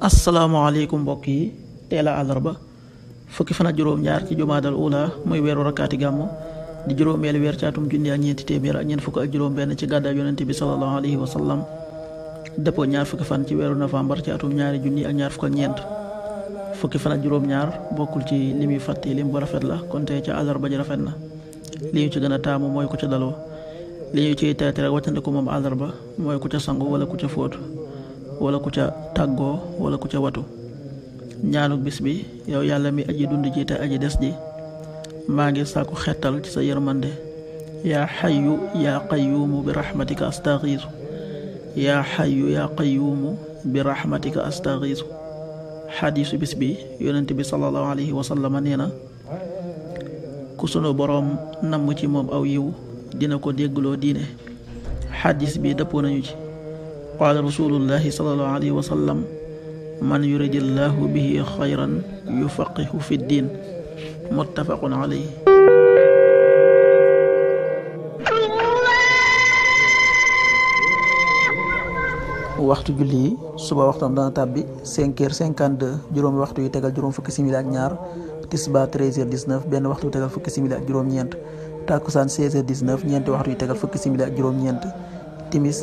asalaamaaleykum mbokk yi teel a àllarba fukki fan ak juróom-ñaar ci jumaadal ula muy weeru rakkaati gàmmu di juróomeelu weer caatum junni ak ñeenti téeméer ak ñeent fukk ak juróom-benn ci gàddaa bi sallallahu alayhi wa sallam dëppoo ñaar fukki fan ci weeru novembre caatum ñaari junni ak ñaar fukk ak ñeent fukki fan ak juróom-ñaar bokkul ci li muy fàtte lim bu rafet la kon tey ca àllarba ji rafet na li ñu ci gën a taamu mooy ku ca daloo li ñu ciy teete rek wàccante ko moom àllarba mooy ku ca sangu wala ku ca fóotu wala ku ca tàggoo wala ku ca watu ñaanu bis bi yow yàlla mi aji dund ji te aji des ji maa ngi sàkku xettal ci sa yërmande yaa xayu yaa qayuumu bi raxmatika astaxiisu yaa bis bi yonent bi sallallahu alayhi wa nee na ku sunu boroom namm ci moom aw yiw dina ko déggloo diine xadiis bi dëppoo nañu ci qaala rasulullahi sallallahu alayhi wa sallam man yuridillahu bihi xayran yufaqihu fi diin muttafaqun alayhi waxtu julli yi suba waxtam dana tàbbi 5 heures 52 juróomi waxtu yu tegal juróom fukki simili ak ñaar tisba 13 heures 19 benn waxtu yu fukki simili ak juróom-ñeent takkusaan 16 ñeenti waxtu yu tegal fukki simili ak juróom-ñeent timis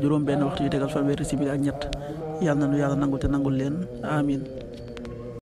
juróom benn waxtu yu tegal fanweeri simili ak ñett yàlla na nu yàlla nangul te nangul leen amin